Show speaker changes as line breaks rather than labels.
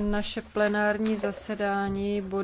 naše plenární zasedání bude